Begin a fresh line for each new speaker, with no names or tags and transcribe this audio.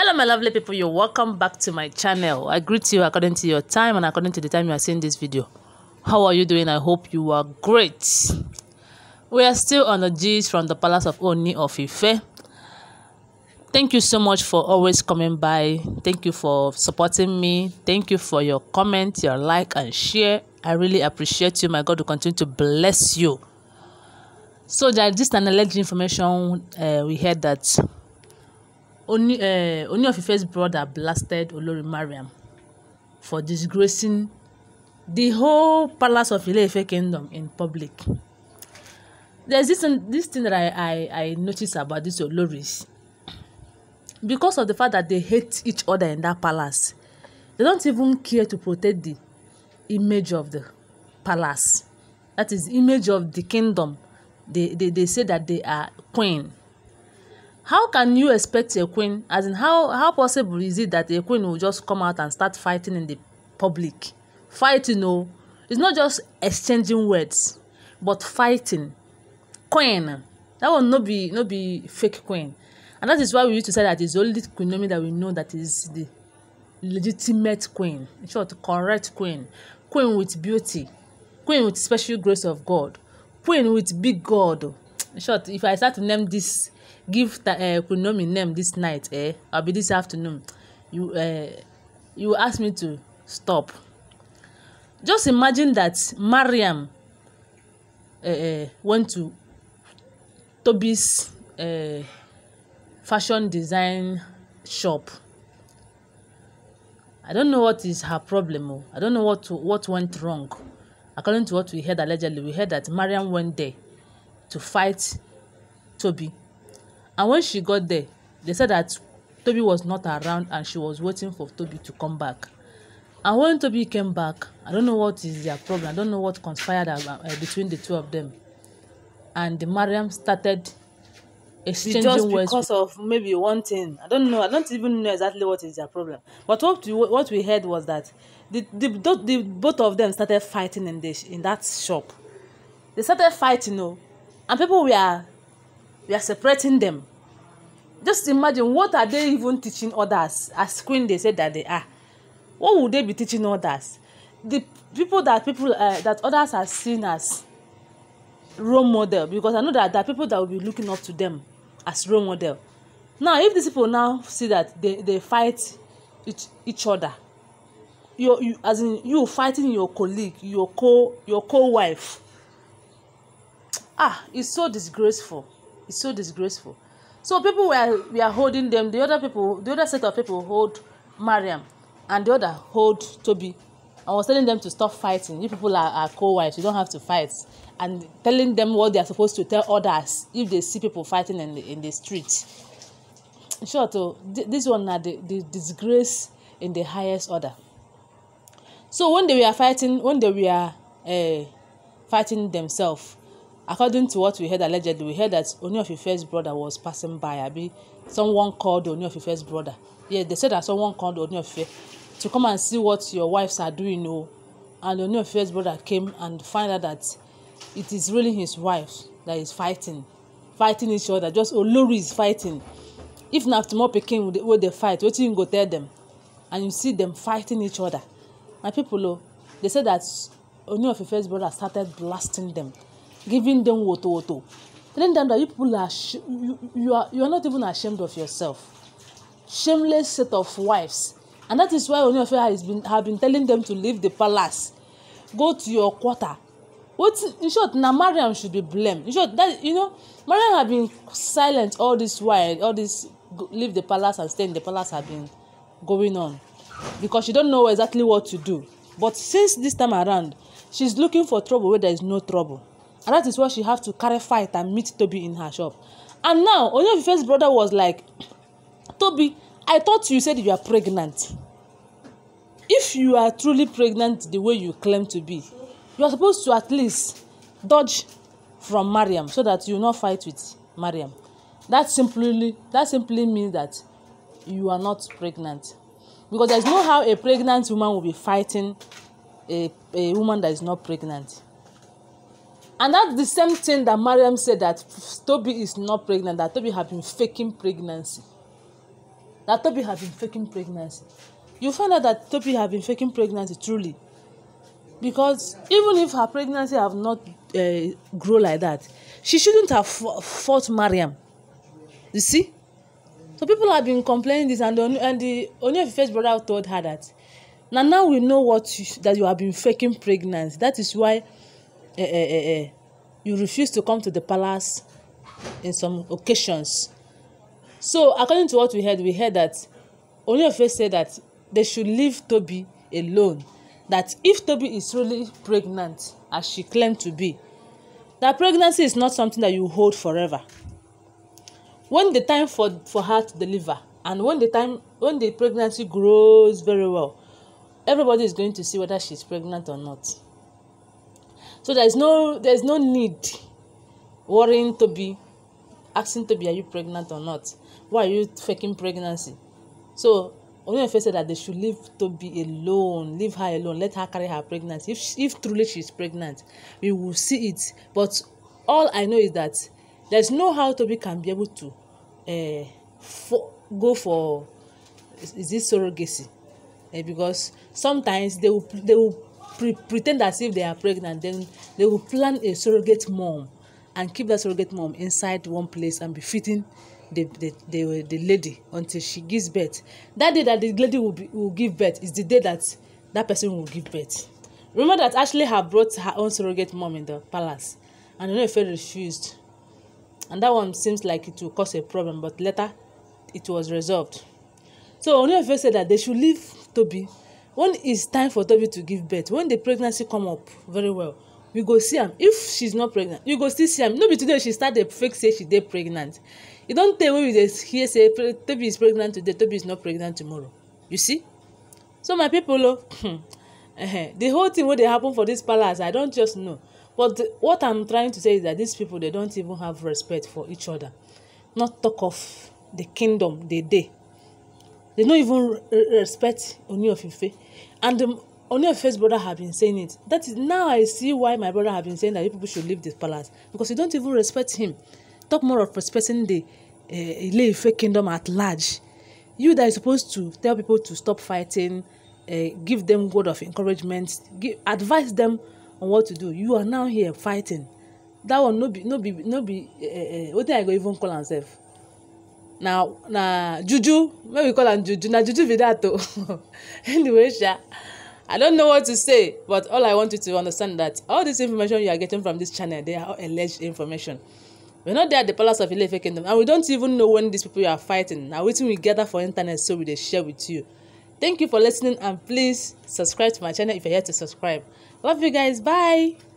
hello my lovely people you're welcome back to my channel i greet you according to your time and according to the time you are seeing this video how are you doing i hope you are great we are still on the g's from the palace of oni of ife thank you so much for always coming by thank you for supporting me thank you for your comment your like and share i really appreciate you my god will continue to bless you so that an alleged information uh, we heard that Only, eh, Only of first brother blasted Olori Mariam for disgracing the whole palace of Ile-Ife kingdom in public. There's this, this thing that I, I, I notice about these Oloris. Because of the fact that they hate each other in that palace, they don't even care to protect the image of the palace. That is image of the kingdom. They, they, they say that they are queen how can you expect a queen as in how how possible is it that a queen will just come out and start fighting in the public fighting o oh. it's not just exchanging words but fighting queen that one no be no be fake queen and that is why we used to say that it's the only Queen Naomi that we know that is the legitimate queen in short correct queen queen with beauty queen with special grace of God queen with big God in short if I start to name this give uh, kunomi name this night eh or be this afternoon you uh, you ask me to stop just imagine that mariam uh, eh, went to toby's uh, fashion design shop i don't know what is her problem o oh. i don't know what what went wrong according to what we heard allegedly we heard that mariam went there to fight toby And when she got there, they said that Toby was not around and she was waiting for Toby to come back. And when Toby came back, I don't know what is their problem. I don't know what conspired about, uh, eh, between the two of them. And Mariam started exchanging words. Just because of maybe one thing. I don't know. I don't even know exactly what is their problem. But what we, what we heard was that the, the, the, the both of them started fighting in, this in that shop. They started fighting, you oh. know, and people were we are separating them just imagine what are they even teaching others as queen dey say that they are what would they be teaching others the people that people uh, that others are seen as role model because i know that there are people that will be looking up to them as role model now if these people now see that they they fight each each other your you as in you fighting your colleague your co your co-wife ah it's so disgraceful It's so disgraceful. So people were we are holding them. The other people, the other set of people hold Mariam, and the other hold Toby. I was telling them to stop fighting. You people are, are co-wives. You don't have to fight. And telling them what they are supposed to tell others if they see people fighting in the, in the street. In short, oh, this one are the, the disgrace in the highest order. So one day we are fighting, when they were uh, fighting themselves, according to what we heard allegedly we heard that Ooni of Ife's brother was passing by abi someone called Ooni of Ife's brother yes they said that someone called Ooni of Ife to come and see what your wives are doing o oh. and Ooni of Ife's brother came and find out that it is really his wife that is fighting fighting each other just olori is fighting if na tomorrow pikin wey dey fight wetin you go tell dem and you see dem fighting each other my people o oh, they say that Ooni of Ife's brother started blasting them giving them woto woto, telling them that you people are you, you are you are not even ashamed of yourself. Shameless set of wives, and that is why Oniofe has been have been telling them to leave the palace, go to your quarter. Wetin in short na Mariam should be blamed. In short that you know Mariam have been silent all this while all this leave the palace and stay in the palace have been going on because she don't know exactly what to do. But since this time around, she's looking for trouble where there is no trouble and that is why she have to carry fight and meet Toby in her shop and now first brother was like "Toby, i thought you said you are pregnant if you are truly pregnant the way you claim to be you are supposed to at least dodge from mariam so that you no fight with mariam that simply that simply means that you are not pregnant because there is no how a pregnant woman will be fighting a a woman that is not pregnant and that's the same thing that mariam said that toby is not pregnant that toby had been faking pregnancy that toby had been faking pregnancy you find out that toby had been faking pregnancy truly because even if her pregnancy have not uh, grow like that she shouldn't have fought mariam you see so people have been complaining this and the and the onyefife's brother told her that na now we know what you, that you have been faking pregnancy that is why Eh, eh, eh, eh, you refuse to come to the palace in some occasions. So, according to what we heard, we heard that Onyefe said that they should leave Toby alone. That if Toby is really pregnant, as she claimed to be, that pregnancy is not something that you hold forever. When the time for, for her to deliver, and when the time when the pregnancy grows very well, everybody is going to see whether she's pregnant or not. so there's no there's no need worrying to be, asking to be are you pregnant or not why are you faking pregnancy so Onife said that they should leave Toby alone leave her alone let her carry her pregnancy if she, if truly she is pregnant we will see it but all I know is that there's no how Toby can be able to uh, eh, for, go for is, is it surrogacy uh, because sometimes they will they will pre pretend as if they are pregnant then they will plan a surrogate mom and keep that surrogate mom inside one place and be feeding the the the, the lady until she gives birth that day that the lady will be will give birth is the day that that person will give birth remember that ashley had brought her own surrogate mom in the palace and Onyefe refused and that one seems like it will cause a problem but later it was resolved so Onyefe said that they should leave Toby. when it's time for Toby to give birth when the pregnancy come up very well we go see am if she's not pregnant you go still see am no be today she start dey fake say she dey pregnant e don tey wey we dey hear say Toby is pregnant today Toby is not pregnant tomorrow you see so my people o oh, eh, eh, the whole thing wey dey happen for this palace i don just know but what i'm trying to say is that these people they don't even have respect for each other not talk of the kingdom they dey They no even respect Oni Ife. And the, Oni Ife's brother have been saying it. That is now I see why my brother have been saying that people should leave the palace because you don't even respect him. Talk more of respecting the uh, eh, Ile Ife kingdom at large. You that is supposed to tell people to stop fighting, uh, give them word of encouragement, give, advise them on what to do. You are now here fighting. That one no be no be no be. Uh, uh, what did I go even call myself? na na juju may we call am juju na juju be that o oh. anyway sha i don't know what to say but all i want you to understand that all this information you are getting from this channel they are all alleged information we're not there at the palace of ile kingdom and we don't even know when these people you are fighting na wetin we gather for internet so we dey share with you thank you for listening and please subscribe to my channel if you're here to subscribe love you guys bye